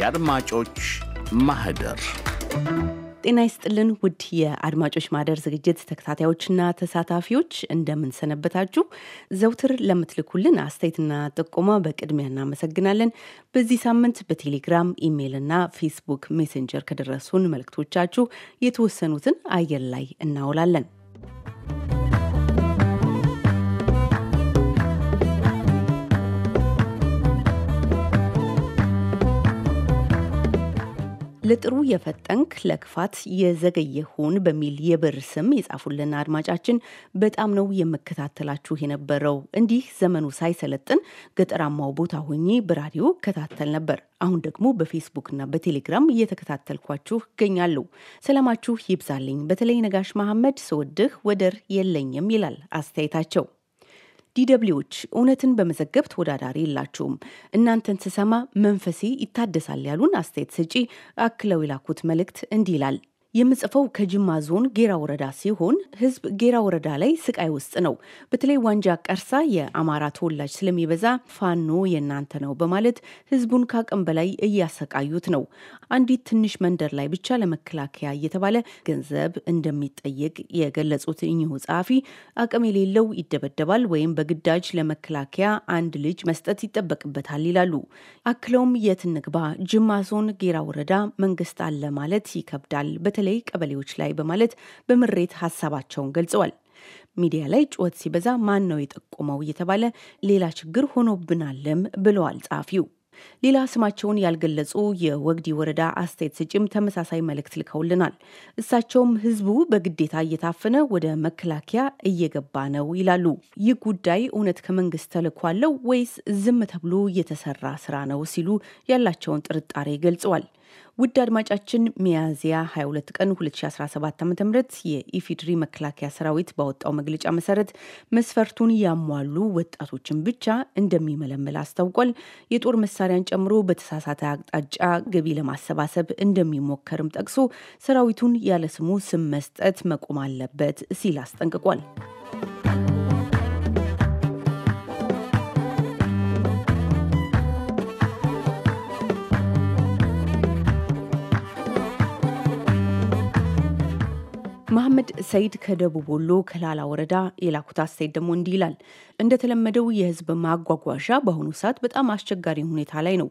የአድማጮች ማህደር ጤና ይስጥልን ውድ የአድማጮች ማህደር ዝግጅት ተከታታዮችና ተሳታፊዎች እንደምንሰነበታችሁ። ዘውትር ለምትልኩልን አስተያየትና ጥቆማ በቅድሚያ እናመሰግናለን። በዚህ ሳምንት በቴሌግራም ና ፌስቡክ ሜሴንጀር ከደረሱን መልእክቶቻችሁ የተወሰኑትን አየር ላይ እናውላለን። ለጥሩ የፈጠንክ ለክፋት የዘገየሁን በሚል የብር ስም የጻፉልን አድማጫችን በጣም ነው የምከታተላችሁ የነበረው። እንዲህ ዘመኑ ሳይሰለጥን ገጠራማው ቦታ ሆኜ በራዲዮ እከታተል ነበር። አሁን ደግሞ በፌስቡክና በቴሌግራም እየተከታተልኳችሁ እገኛለሁ። ሰላማችሁ ይብዛልኝ። በተለይ ነጋሽ መሐመድ ስወድህ ወደር የለኝም ይላል አስተያየታቸው። ዲደብሊዎች እውነትን በመዘገብ ተወዳዳሪ የላችሁም። እናንተን ስሰማ መንፈሴ ይታደሳል ያሉን አስተያየት ሰጪ አክለው የላኩት መልእክት እንዲህ ይላል። የምጽፈው ከጅማ ዞን ጌራ ወረዳ ሲሆን ህዝብ ጌራ ወረዳ ላይ ስቃይ ውስጥ ነው። በተለይ ዋንጃ ቀርሳ የአማራ ተወላጅ ስለሚበዛ ፋኖ የእናንተ ነው በማለት ህዝቡን ከአቅም በላይ እያሰቃዩት ነው። አንዲት ትንሽ መንደር ላይ ብቻ ለመከላከያ እየተባለ ገንዘብ እንደሚጠየቅ የገለጹት እኚሁ ጸሐፊ አቅም የሌለው ይደበደባል ወይም በግዳጅ ለመከላከያ አንድ ልጅ መስጠት ይጠበቅበታል ይላሉ። አክለውም የት እንግባ ጅማ ዞን ጌራ ወረዳ መንግስት አለ ማለት ይከብዳል በተለይ ቀበሌዎች ላይ በማለት በምሬት ሀሳባቸውን ገልጸዋል። ሚዲያ ላይ ጩኸት ሲበዛ ማን ነው የጠቆመው እየተባለ ሌላ ችግር ሆኖብናለም ብለዋል ጸሐፊው። ሌላ ስማቸውን ያልገለጹ የወግዲ ወረዳ አስተያየት ሰጪም ተመሳሳይ መልእክት ልከውልናል። እሳቸውም ህዝቡ በግዴታ እየታፈነ ወደ መከላከያ እየገባ ነው ይላሉ። ይህ ጉዳይ እውነት ከመንግስት ተልዕኮ አለው ወይስ ዝም ተብሎ የተሰራ ስራ ነው ሲሉ ያላቸውን ጥርጣሬ ገልጸዋል። ውድ አድማጫችን ሚያዝያ 22 ቀን 2017 ዓ ም የኢፊድሪ መከላከያ ሰራዊት ባወጣው መግለጫ መሰረት መስፈርቱን ያሟሉ ወጣቶችን ብቻ እንደሚመለመል አስታውቋል። የጦር መሳሪያን ጨምሮ በተሳሳተ አቅጣጫ ገቢ ለማሰባሰብ እንደሚሞከርም ጠቅሶ ሰራዊቱን ያለ ስሙ ስም መስጠት መቆም አለበት ሲል አስጠንቅቋል። መሐመድ ሰይድ ከደቡብ ወሎ ከላላ ወረዳ የላኩት አስተያየት ደግሞ እንዲህ ይላል። እንደተለመደው የህዝብ ማጓጓዣ በአሁኑ ሰዓት በጣም አስቸጋሪ ሁኔታ ላይ ነው።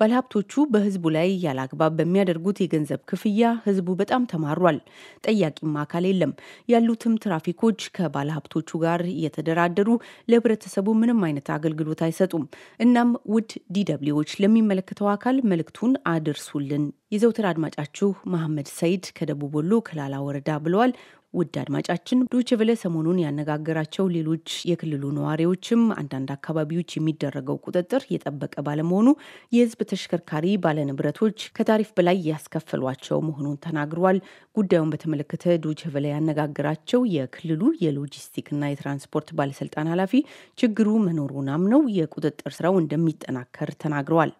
ባለሀብቶቹ በህዝቡ ላይ ያለአግባብ በሚያደርጉት የገንዘብ ክፍያ ህዝቡ በጣም ተማሯል። ጠያቂም አካል የለም። ያሉትም ትራፊኮች ከባለሀብቶቹ ጋር እየተደራደሩ ለህብረተሰቡ ምንም አይነት አገልግሎት አይሰጡም። እናም ውድ ዲደብሊዎች ለሚመለከተው አካል መልእክቱን አድርሱልን። የዘውትር አድማጫችሁ መሐመድ ሰይድ ከደቡብ ወሎ ከላላ ወረዳ ብለዋል። ውድ አድማጫችን ዶችቨለ ሰሞኑን ያነጋገራቸው ሌሎች የክልሉ ነዋሪዎችም አንዳንድ አካባቢዎች የሚደረገው ቁጥጥር የጠበቀ ባለመሆኑ የህዝብ ተሽከርካሪ ባለንብረቶች ከታሪፍ በላይ ያስከፈሏቸው መሆኑን ተናግረዋል። ጉዳዩን በተመለከተ ዶችቨለ ያነጋገራቸው የክልሉ የሎጂስቲክና የትራንስፖርት ባለስልጣን ኃላፊ ችግሩ መኖሩን አምነው የቁጥጥር ስራው እንደሚጠናከር ተናግረዋል።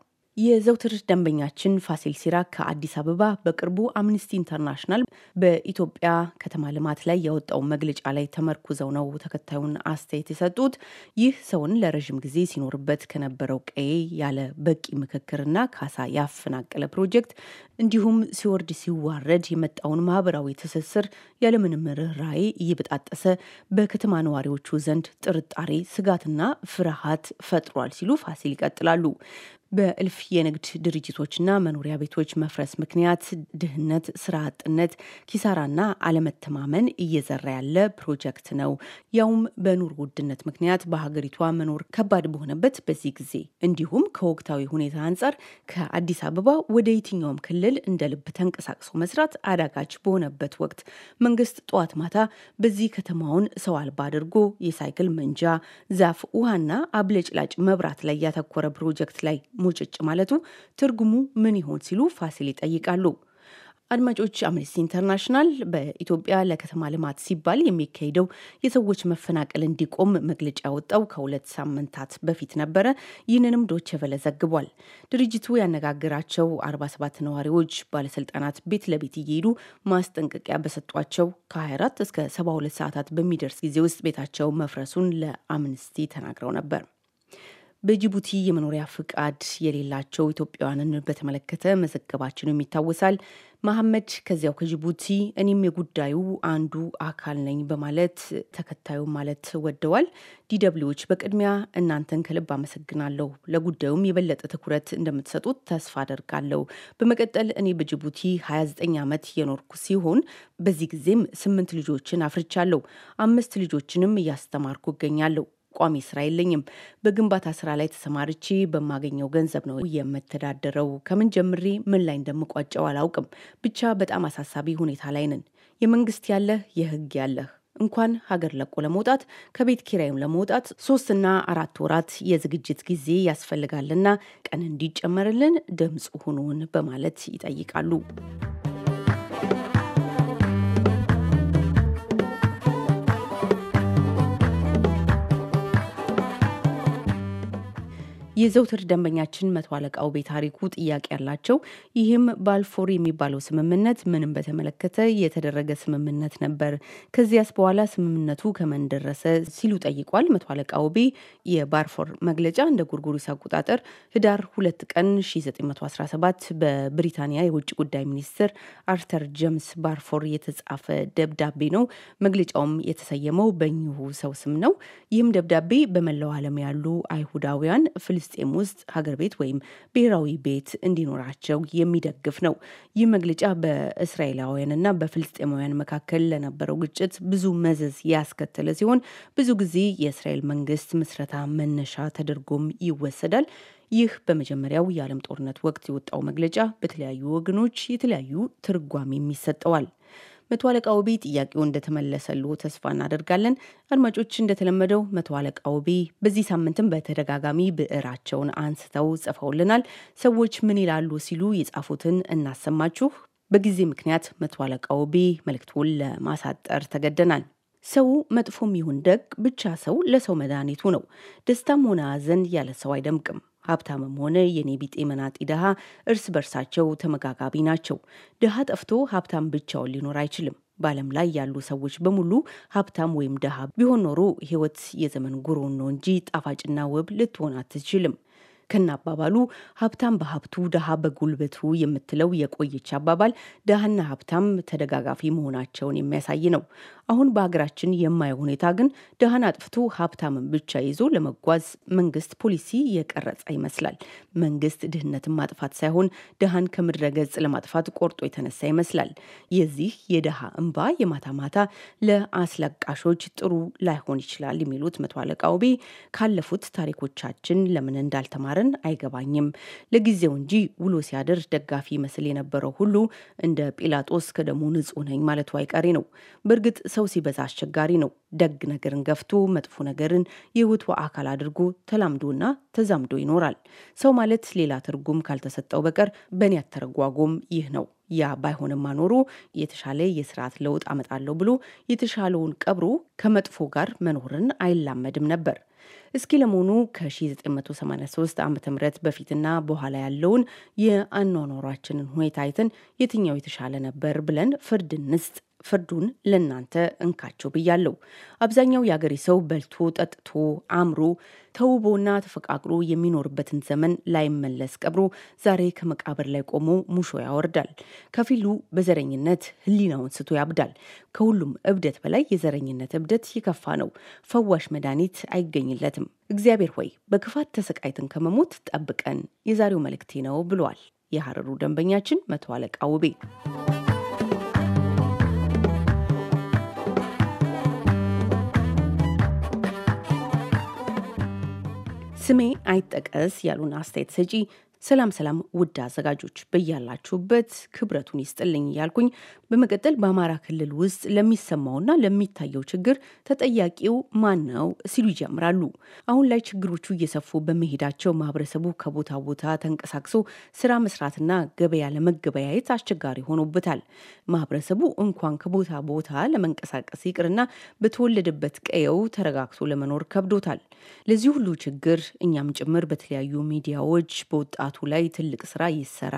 የዘውትር ደንበኛችን ፋሲል ሲራ ከአዲስ አበባ በቅርቡ አምኒስቲ ኢንተርናሽናል በኢትዮጵያ ከተማ ልማት ላይ ያወጣው መግለጫ ላይ ተመርኩዘው ነው ተከታዩን አስተያየት የሰጡት። ይህ ሰውን ለረዥም ጊዜ ሲኖርበት ከነበረው ቀይ ያለ በቂ ምክክርና ካሳ ያፈናቀለ ፕሮጀክት እንዲሁም ሲወርድ ሲዋረድ የመጣውን ማህበራዊ ትስስር ያለምንም ርኅራኄ እየበጣጠሰ በከተማ ነዋሪዎቹ ዘንድ ጥርጣሬ፣ ስጋትና ፍርሃት ፈጥሯል ሲሉ ፋሲል ይቀጥላሉ። በእልፍ የንግድ ድርጅቶችና መኖሪያ ቤቶች መፍረስ ምክንያት ድህነት፣ ስራ አጥነት፣ ኪሳራና አለመተማመን እየዘራ ያለ ፕሮጀክት ነው። ያውም በኑሮ ውድነት ምክንያት በሀገሪቷ መኖር ከባድ በሆነበት በዚህ ጊዜ እንዲሁም ከወቅታዊ ሁኔታ አንጻር ከአዲስ አበባ ወደ የትኛውም ክልል እንደ ልብ ተንቀሳቅሶ መስራት አዳጋች በሆነበት ወቅት መንግስት ጠዋት ማታ በዚህ ከተማውን ሰው አልባ አድርጎ የሳይክል መንጃ፣ ዛፍ፣ ውሃና አብለጭላጭ መብራት ላይ ያተኮረ ፕሮጀክት ላይ ሙጭጭ ማለቱ ትርጉሙ ምን ይሆን ሲሉ ፋሲል ይጠይቃሉ። አድማጮች፣ አምነስቲ ኢንተርናሽናል በኢትዮጵያ ለከተማ ልማት ሲባል የሚካሄደው የሰዎች መፈናቀል እንዲቆም መግለጫ ያወጣው ከሁለት ሳምንታት በፊት ነበረ። ይህንንም ዶቼ ቬለ ዘግቧል። ድርጅቱ ያነጋገራቸው 47 ነዋሪዎች ባለስልጣናት ቤት ለቤት እየሄዱ ማስጠንቀቂያ በሰጧቸው ከ24 እስከ 72 ሰዓታት በሚደርስ ጊዜ ውስጥ ቤታቸው መፍረሱን ለአምነስቲ ተናግረው ነበር። በጅቡቲ የመኖሪያ ፍቃድ የሌላቸው ኢትዮጵያውያንን በተመለከተ መዘገባችን ይታወሳል። መሐመድ ከዚያው ከጅቡቲ እኔም የጉዳዩ አንዱ አካል ነኝ በማለት ተከታዩ ማለት ወደዋል። ዲደብሊዎች በቅድሚያ እናንተን ከልብ አመሰግናለሁ። ለጉዳዩም የበለጠ ትኩረት እንደምትሰጡት ተስፋ አደርጋለሁ። በመቀጠል እኔ በጅቡቲ 29 ዓመት የኖርኩ ሲሆን በዚህ ጊዜም ስምንት ልጆችን አፍርቻለሁ። አምስት ልጆችንም እያስተማርኩ እገኛለሁ። ቋሚ ስራ የለኝም። በግንባታ ስራ ላይ ተሰማርቼ በማገኘው ገንዘብ ነው የምተዳደረው። ከምን ጀምሬ ምን ላይ እንደምቋጨው አላውቅም። ብቻ በጣም አሳሳቢ ሁኔታ ላይ ነን። የመንግስት ያለህ የህግ ያለህ እንኳን ሀገር ለቆ ለመውጣት ከቤት ኪራይም ለመውጣት ሶስትና አራት ወራት የዝግጅት ጊዜ ያስፈልጋልና ቀን እንዲጨመርልን ድምፅ ሁኑን በማለት ይጠይቃሉ። የዘውትር ደንበኛችን መቶ አለቃው ቤታሪኩ ጥያቄ ያላቸው ይህም ባልፎር የሚባለው ስምምነት ምንም በተመለከተ የተደረገ ስምምነት ነበር። ከዚያስ በኋላ ስምምነቱ ከመን ደረሰ ሲሉ ጠይቋል። መቶ አለቃው ቤ የባልፎር መግለጫ እንደ ጉርጉሪስ አቆጣጠር ህዳር 2 ቀን 1917 በብሪታንያ የውጭ ጉዳይ ሚኒስትር አርተር ጀምስ ባልፎር የተጻፈ ደብዳቤ ነው። መግለጫውም የተሰየመው በእኚሁ ሰው ስም ነው። ይህም ደብዳቤ በመላው ዓለም ያሉ አይሁዳውያን ፍልስ ፍልስጤም ውስጥ ሀገር ቤት ወይም ብሔራዊ ቤት እንዲኖራቸው የሚደግፍ ነው። ይህ መግለጫ በእስራኤላውያንና በፍልስጤማውያን መካከል ለነበረው ግጭት ብዙ መዘዝ ያስከተለ ሲሆን ብዙ ጊዜ የእስራኤል መንግስት ምስረታ መነሻ ተደርጎም ይወሰዳል። ይህ በመጀመሪያው የዓለም ጦርነት ወቅት የወጣው መግለጫ በተለያዩ ወገኖች የተለያዩ ትርጓሜም ይሰጠዋል። መቶ አለቃ ውቤ ጥያቄው እንደተመለሰሉ ተስፋ እናደርጋለን። አድማጮች፣ እንደተለመደው መቶ አለቃ ውቤ በዚህ ሳምንትም በተደጋጋሚ ብዕራቸውን አንስተው ጽፈውልናል። ሰዎች ምን ይላሉ ሲሉ የጻፉትን እናሰማችሁ። በጊዜ ምክንያት መቶ አለቃ ውቤ መልእክቱን ለማሳጠር ተገደናል። ሰው መጥፎም ይሁን ደግ ብቻ ሰው ለሰው መድኃኒቱ ነው። ደስታም ሆነ ሐዘን ያለ ሰው አይደምቅም። ሀብታምም ሆነ የኔ ቢጤ መናጢ ድሃ እርስ በርሳቸው ተመጋጋቢ ናቸው። ድሃ ጠፍቶ ሀብታም ብቻውን ሊኖር አይችልም። በዓለም ላይ ያሉ ሰዎች በሙሉ ሀብታም ወይም ድሃ ቢሆን ኖሮ ህይወት የዘመን ጉሮን ነው እንጂ ጣፋጭና ውብ ልትሆን አትችልም። ከና አባባሉ ሀብታም በሀብቱ ድሃ በጉልበቱ የምትለው የቆየች አባባል ድሃና ሀብታም ተደጋጋፊ መሆናቸውን የሚያሳይ ነው። አሁን በሀገራችን የማየው ሁኔታ ግን ድሃን አጥፍቶ ሀብታምን ብቻ ይዞ ለመጓዝ መንግስት ፖሊሲ የቀረጸ ይመስላል። መንግስት ድህነትን ማጥፋት ሳይሆን ድሃን ከምድረ ገጽ ለማጥፋት ቆርጦ የተነሳ ይመስላል። የዚህ የድሃ እንባ የማታ ማታ ለአስለቃሾች ጥሩ ላይሆን ይችላል የሚሉት መቶ አለቃ ውቤ ካለፉት ታሪኮቻችን ለምን እንዳልተማረን አይገባኝም። ለጊዜው እንጂ ውሎ ሲያድር ደጋፊ ይመስል የነበረው ሁሉ እንደ ጲላጦስ ከደሙ ንጹህ ነኝ ማለቱ አይቀሬ ነው። በእርግጥ ሰው ሲበዛ አስቸጋሪ ነው። ደግ ነገርን ገፍቶ መጥፎ ነገርን የውትወ አካል አድርጎ ተላምዶና ተዛምዶ ይኖራል። ሰው ማለት ሌላ ትርጉም ካልተሰጠው በቀር በእኔ አተረጓጎም ይህ ነው። ያ ባይሆንም አኖሩ የተሻለ የስርዓት ለውጥ አመጣለሁ ብሎ የተሻለውን ቀብሮ ከመጥፎ ጋር መኖርን አይላመድም ነበር። እስኪ ለመሆኑ ከ1983 ዓ ም በፊትና በኋላ ያለውን የአኗኗሯችንን ሁኔታ አይተን የትኛው የተሻለ ነበር ብለን ፍርድ እንስጥ። ፍርዱን ለእናንተ እንካቸው ብያለሁ። አብዛኛው የአገሬ ሰው በልቶ ጠጥቶ አምሮ ተውቦና ተፈቃቅሮ የሚኖርበትን ዘመን ላይመለስ ቀብሮ ዛሬ ከመቃብር ላይ ቆሞ ሙሾ ያወርዳል። ከፊሉ በዘረኝነት ሕሊናውን ስቶ ያብዳል። ከሁሉም እብደት በላይ የዘረኝነት እብደት የከፋ ነው። ፈዋሽ መድኃኒት አይገኝለትም። እግዚአብሔር ሆይ በክፋት ተሰቃይትን ከመሞት ጠብቀን፣ የዛሬው መልእክቴ ነው ብሏል የሐረሩ ደንበኛችን መቶ አለቃ ውቤ። ስሜ አይጠቀስ ያሉን አስተያየት ሰጪ ሰላም ሰላም ውድ አዘጋጆች በያላችሁበት ክብረቱን ይስጥልኝ እያልኩኝ በመቀጠል በአማራ ክልል ውስጥ ለሚሰማውና ለሚታየው ችግር ተጠያቂው ማን ነው ሲሉ ይጀምራሉ። አሁን ላይ ችግሮቹ እየሰፉ በመሄዳቸው ማህበረሰቡ ከቦታ ቦታ ተንቀሳቅሶ ስራ መስራትና ገበያ ለመገበያየት አስቸጋሪ ሆኖበታል። ማህበረሰቡ እንኳን ከቦታ ቦታ ለመንቀሳቀስ ይቅርና በተወለደበት ቀየው ተረጋግቶ ለመኖር ከብዶታል። ለዚህ ሁሉ ችግር እኛም ጭምር በተለያዩ ሚዲያዎች በወጣ በወጣቱ ላይ ትልቅ ስራ ይሰራ፣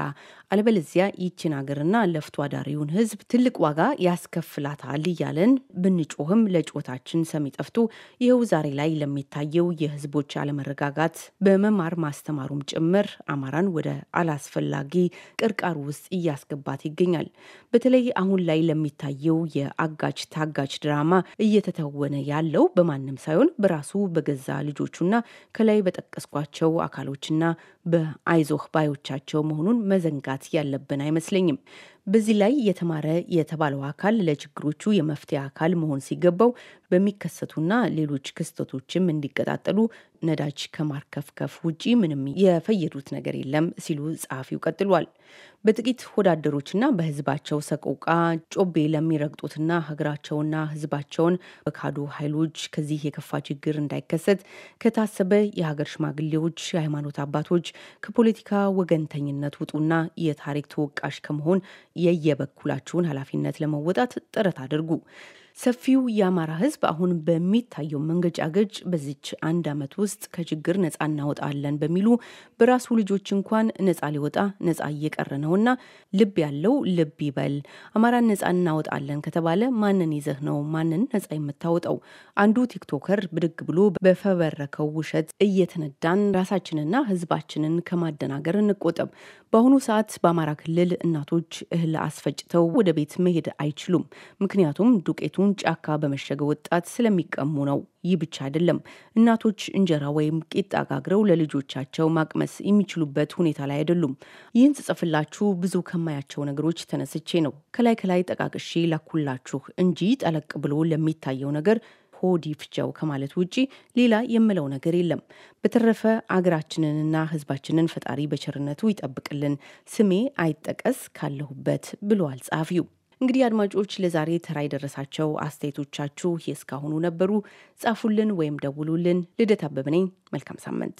አለበለዚያ ይችን ሀገርና ለፍቶ አዳሪውን ህዝብ ትልቅ ዋጋ ያስከፍላታል እያለን ብንጮህም ለጮታችን ሰሚ ጠፍቶ ይኸው ዛሬ ላይ ለሚታየው የህዝቦች አለመረጋጋት በመማር ማስተማሩም ጭምር አማራን ወደ አላስፈላጊ ቅርቃር ውስጥ እያስገባት ይገኛል። በተለይ አሁን ላይ ለሚታየው የአጋች ታጋች ድራማ እየተተወነ ያለው በማንም ሳይሆን በራሱ በገዛ ልጆቹና ከላይ በጠቀስኳቸው አካሎችና በአይ አይዞህ ባዮቻቸው መሆኑን መዘንጋት ያለብን አይመስለኝም። በዚህ ላይ የተማረ የተባለው አካል ለችግሮቹ የመፍትሄ አካል መሆን ሲገባው በሚከሰቱና ሌሎች ክስተቶችም እንዲቀጣጠሉ ነዳጅ ከማርከፍከፍ ውጪ ምንም የፈየዱት ነገር የለም ሲሉ ጸሐፊው ቀጥሏል። በጥቂት ወዳደሮችና በህዝባቸው ሰቆቃ ጮቤ ለሚረግጡትና ሀገራቸውና ህዝባቸውን በካዱ ኃይሎች ከዚህ የከፋ ችግር እንዳይከሰት ከታሰበ የሀገር ሽማግሌዎች፣ የሃይማኖት አባቶች ከፖለቲካ ወገንተኝነት ውጡና የታሪክ ተወቃሽ ከመሆን የየበኩላችሁን ኃላፊነት ለመወጣት ጥረት አድርጉ። ሰፊው የአማራ ህዝብ አሁን በሚታየው መንገጫገጭ በዚች አንድ ዓመት ውስጥ ከችግር ነጻ እናወጣለን በሚሉ በራሱ ልጆች እንኳን ነጻ ሊወጣ ነጻ እየቀረ ነውና ልብ ያለው ልብ ይበል። አማራን ነጻ እናወጣለን ከተባለ ማንን ይዘህ ነው ማንን ነጻ የምታወጣው? አንዱ ቲክቶከር ብድግ ብሎ በፈበረከው ውሸት እየተነዳን ራሳችንና ህዝባችንን ከማደናገር እንቆጠብ። በአሁኑ ሰዓት በአማራ ክልል እናቶች እህል አስፈጭተው ወደ ቤት መሄድ አይችሉም። ምክንያቱም ዱቄቱ እናቶቹን ጫካ በመሸገ ወጣት ስለሚቀሙ ነው። ይህ ብቻ አይደለም። እናቶች እንጀራ ወይም ቂጣ ጋግረው ለልጆቻቸው ማቅመስ የሚችሉበት ሁኔታ ላይ አይደሉም። ይህን ጽጽፍላችሁ ብዙ ከማያቸው ነገሮች ተነስቼ ነው። ከላይ ከላይ ጠቃቅሼ ላኩላችሁ እንጂ ጠለቅ ብሎ ለሚታየው ነገር ሆድ ይፍጃው ከማለት ውጪ ሌላ የምለው ነገር የለም። በተረፈ አገራችንንና ሕዝባችንን ፈጣሪ በቸርነቱ ይጠብቅልን። ስሜ አይጠቀስ ካለሁበት ብሏል ጸሐፊው። እንግዲህ አድማጮች ለዛሬ ተራ የደረሳቸው አስተያየቶቻችሁ የእስካሁኑ ነበሩ። ጻፉልን ወይም ደውሉልን። ልደት አበበ ነኝ። መልካም ሳምንት።